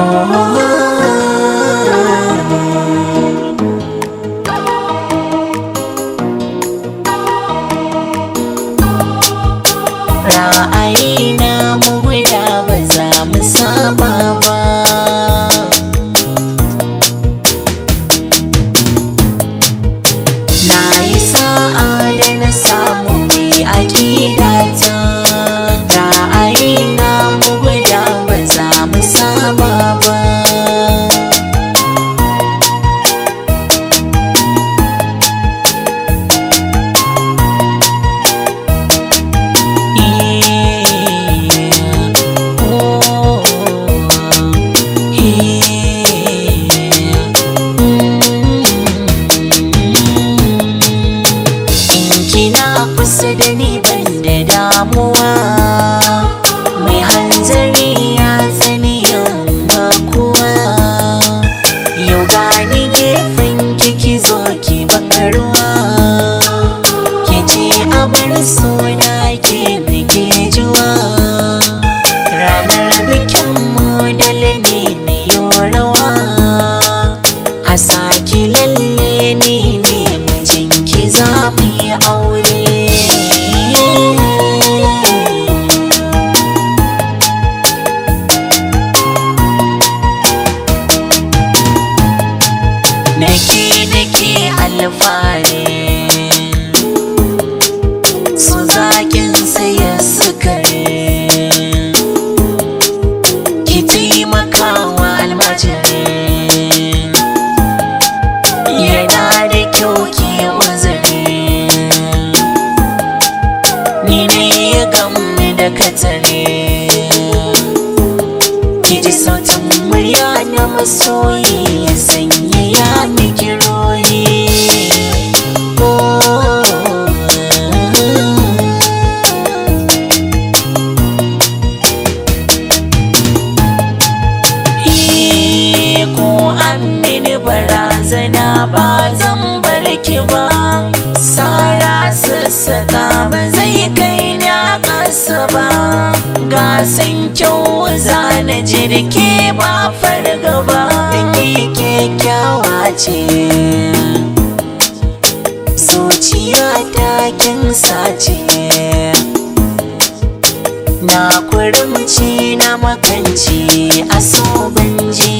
là anh. damuwa mai hanzari ya tsani yau ba kuwa yau ni gefen kiki zo ki bakarwa. ki ce abar suna ke bige ranar bikin mu dale ne yorawa a saki lalle fare su zakin saye sukari ki taimakawa almajiri yana da kyau ki uzuri ni ne ya gamu da katare ki ji sautin murya na masoyi ba zan bar ki ba sara sassaka ba zai kai na ƙasa ba gasan kyau na jirgi ba fargaba ki kyakkyawa ce zuciya ta kin sace na kurumci na makanci a so banji